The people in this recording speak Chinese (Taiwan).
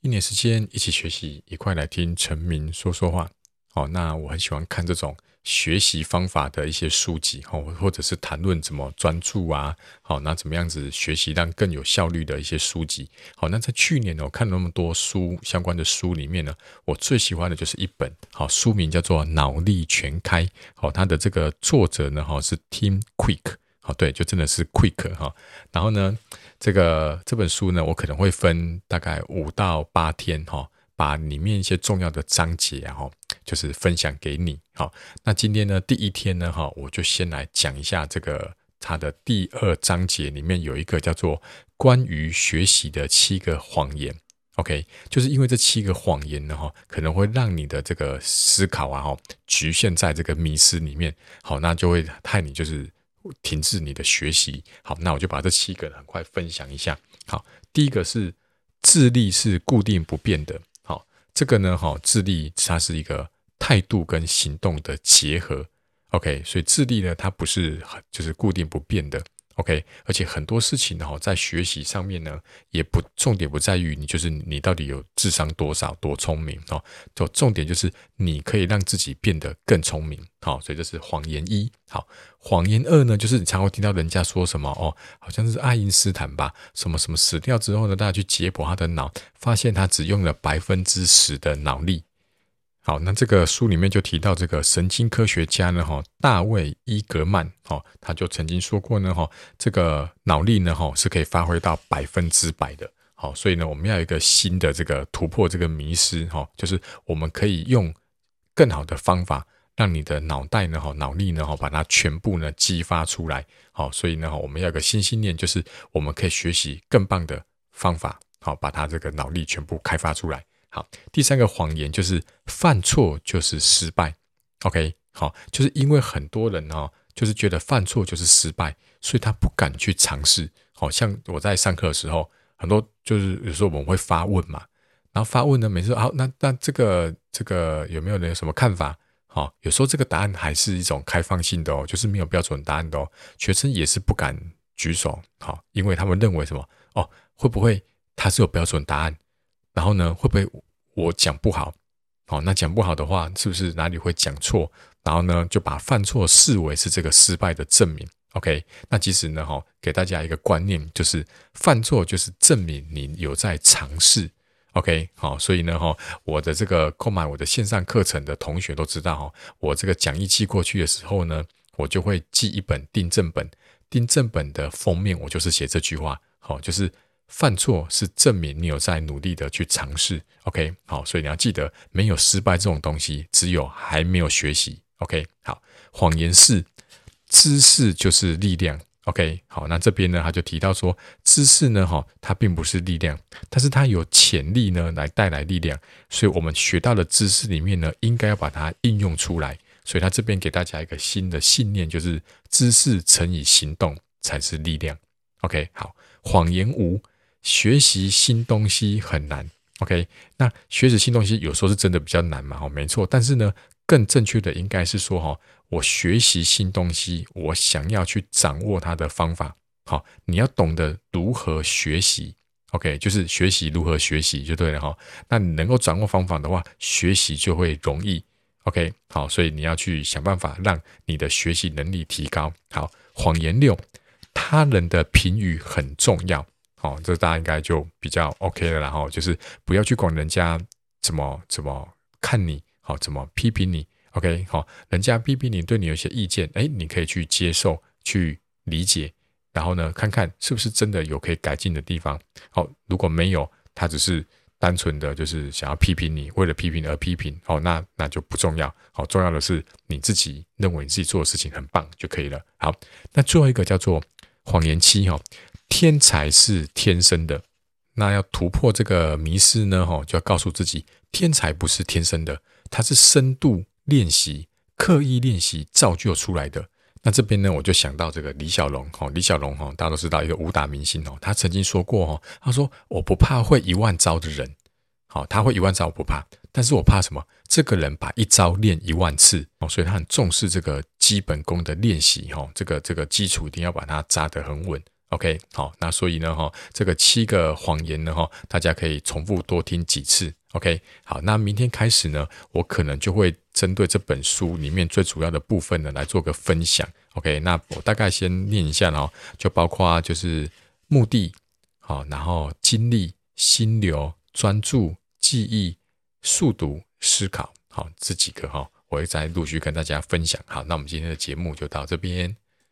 一年時間，一起學習，一塊來聽陳明說說話。好，那我很喜歡看這種學習方法的一些書籍，好，或者是談論怎麼專注啊，好，那怎麼樣子學習讓更有效率的一些書籍。好，那在去年我看那麼多書相關的書裡面呢，我最喜歡的就是一本好書名叫做《腦力全開》。好，他的這個作者呢，哈是 Tim Quick。好，對，就真的是 Quick 哈。然後呢，這個這本書呢，我可能會分大概五到八天、哦，哈，把裡面一些重要的章節、啊，哈，就是分享給你。好，那今天呢，第一天呢，哈，我就先來講一下這個它的第二章節裡面有一個叫做關於學習的七個謊言。OK，就是因為這七個謊言，呢，哈可能會讓你的這個思考啊，哈，局限在這個迷思裡面。好，那就會害你就是。停滯你的學習，好，那我就把這七個很快分享一下。好，第一個是智力是固定不變的，好，這個呢，哈，智力它是一個態度跟行動的結合，OK，所以智力呢，它不是就是固定不變的。OK，而且很多事情哦，在學習上面呢，也不，重點不在於你就是你到底有智商多少，多聰明哦，就重點就是你可以讓自己變得更聰明哦，所以這是謊言一。好，謊言二呢，就是你常會聽到人家說什麼哦，好像是愛因斯坦吧，什麼什麼死掉之後呢，大家去解剖他的腦，發現他只用了百分之十的腦力。好，那這個書裡面就提到這個神經科學家呢，哦、大衛伊格曼，哦，他就曾經說過呢，哦、這個腦力呢、哦，是可以發揮到百分之百的、哦。所以呢，我們要有一個新的這個突破，這個迷思、哦，就是我們可以用更好的方法，讓你的腦袋呢，哦、腦力呢，哈、哦，把它全部呢激發出來。哦、所以呢，哦、我們要有一個新信念，就是我們可以學習更棒的方法，哦、把它這個腦力全部開發出來。好，第三個謊言就是犯錯就是失敗。OK，好，就是因為很多人哦，就是覺得犯錯就是失敗，所以他不敢去嘗試。好、哦、像我在上課的時候，很多就是有時候我們會發問嘛，然後發問呢，沒事啊。那那這個這個有沒有人有什麼看法？好、哦，有時候這個答案還是一種開放性的哦，就是沒有標準答案的哦。學生也是不敢舉手，好、哦，因為他們認為什麼哦，會不會他是有標準答案，然後呢，會不會？我講不好，好，那講不好的話，是不是哪裡會講錯？然後呢，就把犯錯視為是這個失敗的證明。OK，那其實呢，哈，給大家一個觀念，就是犯錯就是證明你有在嘗試。OK，好，所以呢，哈，我的這個購買我的線上課程的同學都知道，我這個講義寄過去的時候呢，我就會寄一本訂正本，訂正本的封面我就是寫這句話，好，就是。犯錯是證明你有在努力的去嘗試，OK，好，所以你要記得，沒有失敗這種東西，只有還沒有學習，OK，好。謊言四，知識就是力量，OK，好。那這邊呢，他就提到說，知識呢，哈，它並不是力量，但是它有潛力呢，來帶來力量。所以，我們學到的知識裡面呢，應該要把它應用出來。所以，他這邊給大家一個新的信念，就是知識乘以行動才是力量，OK，好。謊言五。學習新東西很難，OK？那學習新東西有時候是真的比較難嘛？哈，沒錯。但是呢，更正確的應該是說，哈，我學習新東西，我想要去掌握它的方法。好，你要懂得如何學習，OK？就是學習如何學習就對了哈。那你能夠掌握方法的話，學習就會容易，OK？好，所以你要去想辦法讓你的學習能力提高。好，謊言六，他人的評語很重要。好、哦，這大家應該就比較 OK 了。然、哦、後就是不要去管人家怎麼怎麼看你，好、哦、怎麼批評你。OK，好、哦，人家批評你，對你有些意見，哎，你可以去接受、去理解，然後呢，看看是不是真的有可以改進的地方。好、哦，如果沒有，他只是單純的就是想要批評你，為了批評而批評。好、哦，那那就不重要。好、哦，重要的是你自己認為你自己做的事情很棒就可以了。好，那最後一個叫做謊言期、哦，哈。天才是天生的，那要突破這個迷思呢？就要告訴自己，天才不是天生的，它是深度練習、刻意練習造就出來的。那這邊呢，我就想到這個李小龍，李小龍，大家都知道一個武打明星哦。他曾經說過，他說我不怕會一萬招的人，好，他會一萬招我不怕，但是我怕什麼？這個人把一招練一萬次哦，所以他很重視這個基本功的練習，這個這個基礎一定要把它扎得很穩。OK，好，那所以呢，哈，這個七個謊言呢，哈，大家可以重複多聽幾次。OK，好，那明天開始呢，我可能就會針對這本書裡面最主要的部分呢，來做個分享。OK，那我大概先念一下哦，就包括就是目的，好，然後精力、心流、專注、記憶、速讀、思考，好，這幾個哈，我會再陸續跟大家分享。好，那我們今天的節目就到這邊。